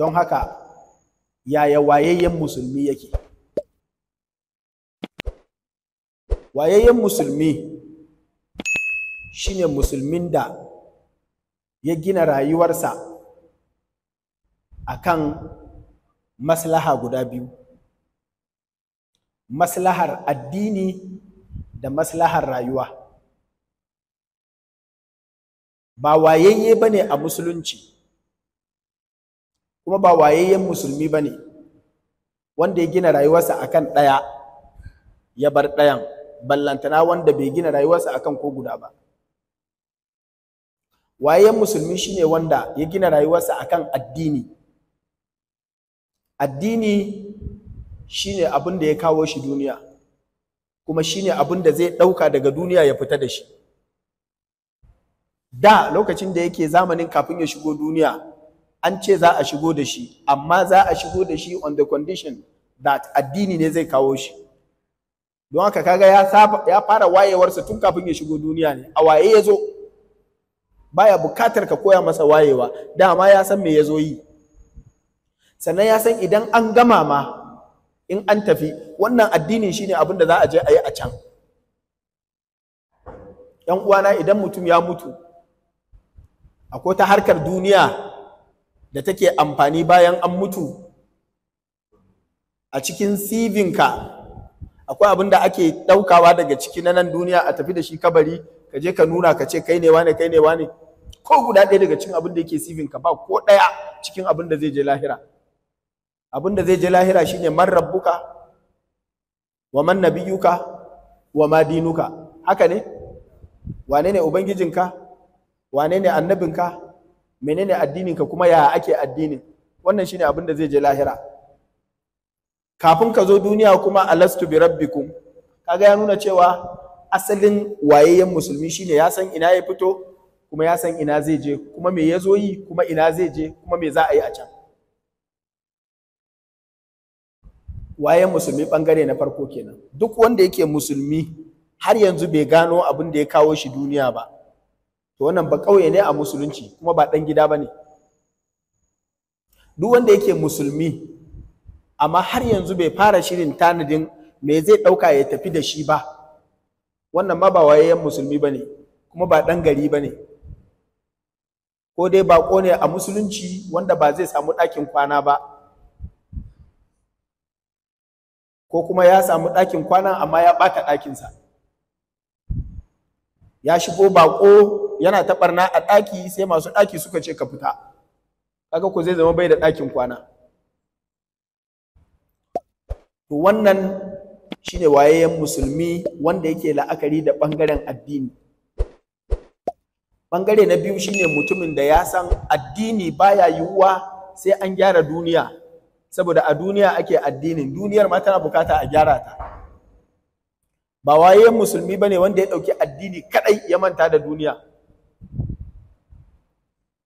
don haka yaya wayayyen musulmi yake wayayyen musulmi shine musulmin da ya gina rayuwarsa akan maslaha guda biyu maslahar addini da maslahar rayuwa ba wayayye bane a musulunci kuma ba wayayyen musulmi ba ne wanda ya gina rayuwarsa a kan ɗaya ya bar ɗayan ballantana wanda bai gina rayuwarsa kan ko guda ba wayayyen musulmi shine wanda ya gina rayuwarsa a kan addini addini shine abin da ya kawo shi duniya kuma shine abin da zai ɗauka daga duniya ya fita da shi da lokacin da yake zamanin kafin ya shigo duniya an ce za a shigo da shi amma za a shigo da shi on the condition that addini ne zai kawo shi don haka kaga ya fara wayewarsa tun kafin ya shigo duniya ne a waye ya zo baya bukatar ka koya masa wayewa dama ya san me ya zo yi sannan ya san idan an gama ma in an tafi wannan addinin shine ne da za a je a yi a can yan uwana idan mutum ya mutu akwai ta harkar duniya da take amfani bayan an mutu a cikin sivinka akwai abin da ake ɗaukawa daga ciki na nan duniya a tafi da shi kabari ka je ka nuna ka ce kai ne wane kai ne wane ko guda ɗaya daga cikin abin da yake sivinka ba ko ɗaya cikin abin da zai je lahira abin da zai je lahira shine man rabbuka wa man nabiyuka wa ma dinuka haka ne wane ne ubangijinka wane ne annabinka menene addinin ka kuma ya ake addinin wannan shine abin da zai je lahira kafin ka zo duniya kuma alastu bi rabbikum kaga ya nuna cewa asalin wayayyen musulmi shine ya san ina ya fito kuma ya san ina zai je kuma me ya zo yi kuma ina zai je kuma me za a yi a can wayan musulmi bangare na farko kenan duk wanda yake musulmi har yanzu bai gano abin da ya kawo shi duniya ba to wannan ba ƙauye ne a musulunci kuma ba ɗan gida ba ne duk wanda yake musulmi amma har yanzu bai fara shirin tanadin me zai ɗauka ya tafi da shi ba wannan ma ba wayayyen musulmi ba ne kuma ba ɗan gari ba ne ko dai baƙo ne a musulunci wanda ba zai samu ɗakin kwana ba ko kuma ya samu ɗakin kwana amma ya ɓata ɗakinsa ya shigo baƙo yana ta barna a ɗaki sai masu ɗaki suka ce ka fita kaga ko zai zama bai da ɗakin kwana to wannan shine wayayyen musulmi wanda yake la'akari da ɓangaren addini ɓangare na biyu shine mutumin da ya san addini baya yiwuwa sai an gyara duniya saboda a duniya ake addinin duniyar ma tana bukata a gyara ta ba waye musulmi bane wanda ya ɗauki addini kaɗai ya manta da duniya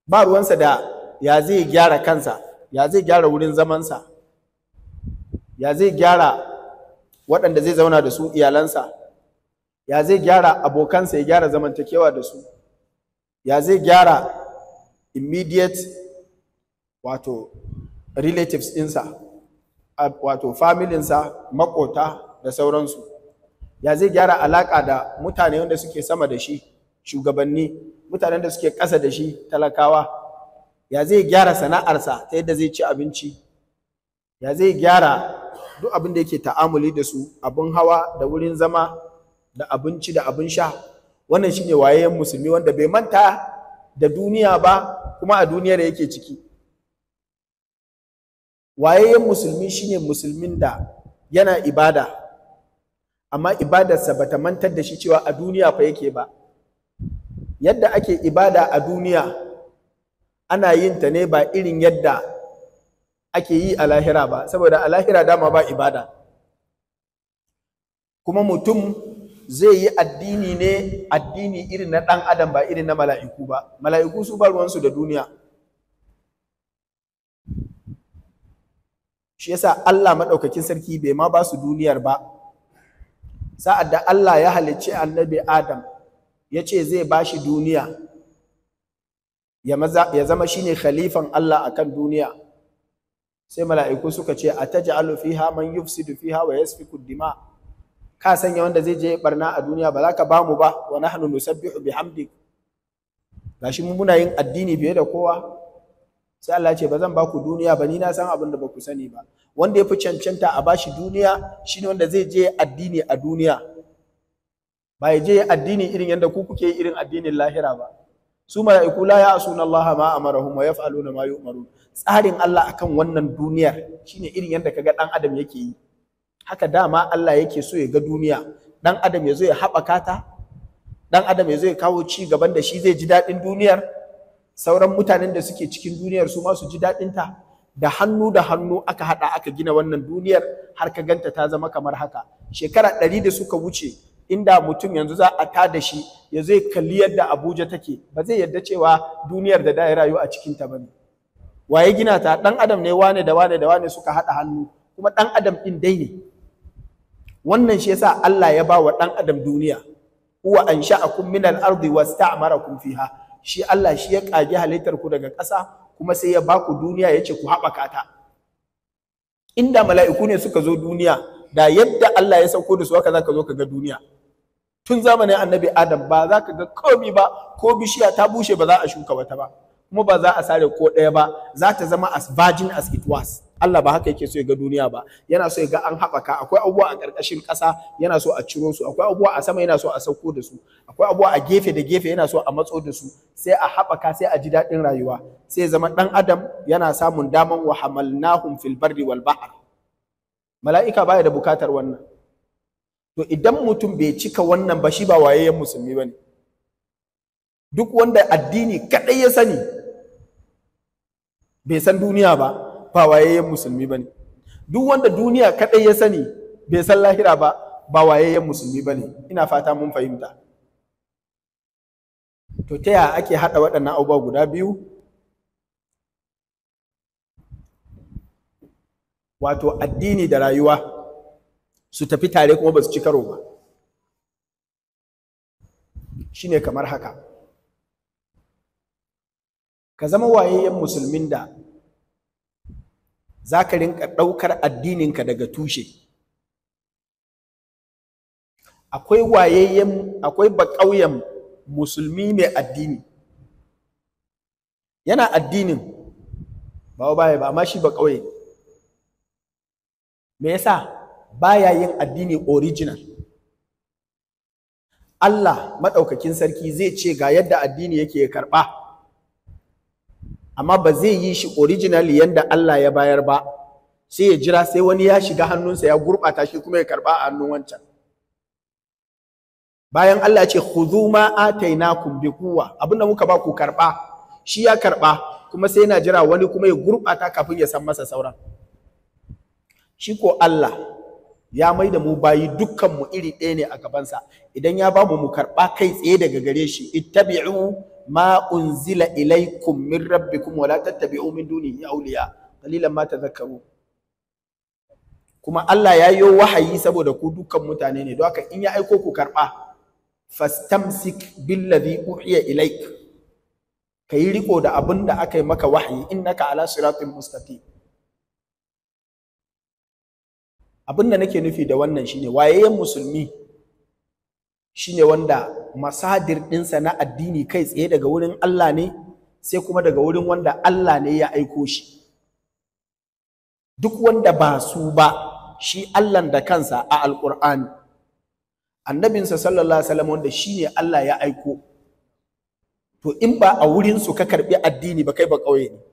ba ruwansa da ya zai gyara kansa ya zai gyara wurin zamansa ya zai gyara waɗanda zai zauna da su iyalansa ya zai gyara abokansa ya gyara zamantakewa da su ya zai gyara immediate wato relatives ɗinsa wato familinsa makota da sauransu ya zai gyara alaƙa da mutane wanda suke sama da shi shugabanni mutanen da suke ƙasa da shi talakawa ya zai gyara sana'arsa ta yadda zai ci abinci ya zai gyara duk abin da yake ta'amuli da su abin hawa da wurin zama da abinci da abin sha wannan shine wayayyen musulmi wanda bai manta da duniya ba kuma a duniyar yake ciki wayayyen musulmi shine musulmin da yana ibada amma ibadarsa ta mantar da shi cewa a duniya fa yake ba yadda ake ibada a duniya ana yin ta ne ba irin yadda ake yi a lahira ba saboda a lahira dama ba ibada kuma mutum zai yi addini ne addini irin na ɗan adam ba irin na mala'iku ba mala'iku su ba ruwansu da duniya shi yasa Allah maɗaukakin sarki bai ma ba su duniyar ba sa'ad da Allah ya halicci annabi Adam ya ce zai ba shi duniya ya zama shine khalifan Allah akan duniya sai mala'iku suka ce a ta ja'alu fiha dufi hawa fiha wa yasfiku dima ka sanya wanda zai je barna a duniya ba za ka ba mu ba wa nahnu nusabbihu bihamdik gashi mu muna yin addini fiye da kowa sai Allah ce ba zan ba ku duniya ba ni na san abin da ba ku sani ba wanda ya fi cancanta a bashi duniya shine wanda zai je addini a duniya ba ya je addini irin yadda ku kuke irin addinin lahira ba su mala'iku la ya asuna Allah ma amarahum wa yaf'aluna ma yu'marun tsarin Allah akan wannan duniyar shine irin yadda kaga dan adam yake yi haka dama Allah yake so ya ga duniya dan adam ya zo ya haɓaka ta dan adam ya zo ya kawo ci gaban da shi zai ji daɗin duniyar sauran mutanen da suke cikin duniyar su ma su ji daɗin ta da hannu da hannu aka haɗa aka gina wannan duniyar har ka ganta ta zama kamar haka shekara ɗari da suka wuce inda mutum yanzu za a tada shi ya zai kalli yadda Abuja take ba zai yarda cewa duniyar da da ya rayu a cikin ta bane waye gina ta dan adam ne wane da wane da wane suka hada hannu kuma dan adam din dai ne wannan shi yasa Allah ya ba wa dan adam duniya huwa ansha'akum min al-ardi wasta'marakum fiha shi Allah shi ya kage halittar ku daga ƙasa kuma sai ya ba ku duniya ya ce ku haɓaka ta inda mala'iku ne suka zo duniya da yadda Allah ya sauko da su haka zaka zo ka ga duniya tun zamanin annabi adam ba za ka ga komi ba ko bishiya ta bushe ba za a shuka wata ba kuma ba za a sare ko ɗaya ba za ta zama as virgin as it was Allah ba haka yake so ya ga duniya ba yana so ya ga an haɓaka akwai abubuwa a ƙarƙashin ƙasa yana so a ciro su akwai abubuwa a sama yana so a sauko da su akwai abubuwa a gefe da gefe yana so a matso da su sai a haɓaka sai a ji daɗin rayuwa sai zama ɗan adam yana samun daman wa hamalnahum fil barri wal bahr mala'ika baya da bukatar wannan to idan mutum bai cika wannan ba shi ba wayayyen musulmi ba ne duk wanda addini kaɗai ya sani bai san duniya ba ba wayayyen musulmi ba ne duk wanda duniya kaɗai ya sani bai san lahira ba ba wayayyen musulmi ba ne ina fata mun fahimta to ta yaya ake haɗa waɗannan abubuwa guda biyu wato addini da rayuwa su tafi tare kuma ba su ci karo ba Shi ne kamar haka ka zama wayayyen musulmin da za ka rinka ɗaukar addininka daga tushe akwai wayayyen akwai baƙauyen musulmi mai addini yana addinin ba baya ba amma shi baƙauye me yasa baya yin addini original Allah maɗaukakin sarki zai ce ga yadda addini yake ya karɓa amma ba zai yi shi original yanda Allah ya bayar ba sai ya jira sai wani ya shiga hannunsa ya gurɓata shi kuma ya karba a hannun wancan bayan Allah ya ce khudhu ma atainakum bi quwwa abinda muka ba ku karɓa shi ya karɓa kuma sai yana jira wani kuma ya gurɓata kafin ya san masa sauran shi ko Allah ya mai da mu bayi dukkanmu iri ɗaya ne a gabansa idan ya bamu mu karɓa kai tsaye daga gare shi ittabi'u ma unzila ilaikum min rabbikum wala tattabi'u min ya awliya qalilan ma tadhakkaru kuma Allah ya yi wahayi saboda ku dukkan mutane ne don haka in ya aiko ku karɓa fastamsik billadhi uhiya ilaik kayi riko da abin da aka yi maka wahayi innaka ala siratin mustaqim abin da nake nufi da wannan shine wayayyen musulmi shine wanda masadir ɗinsa na addini kai tsaye daga wurin Allah ne sai kuma daga wurin wanda Allah ne ya aiko shi duk wanda ba su ba shi allah da kansa a alƙur'ani annabinsa sallallahu alaihi wasallam wanda shine Allah ya aiko to in ba a wurin su ka karbi addini ba kai ba ƙauye ne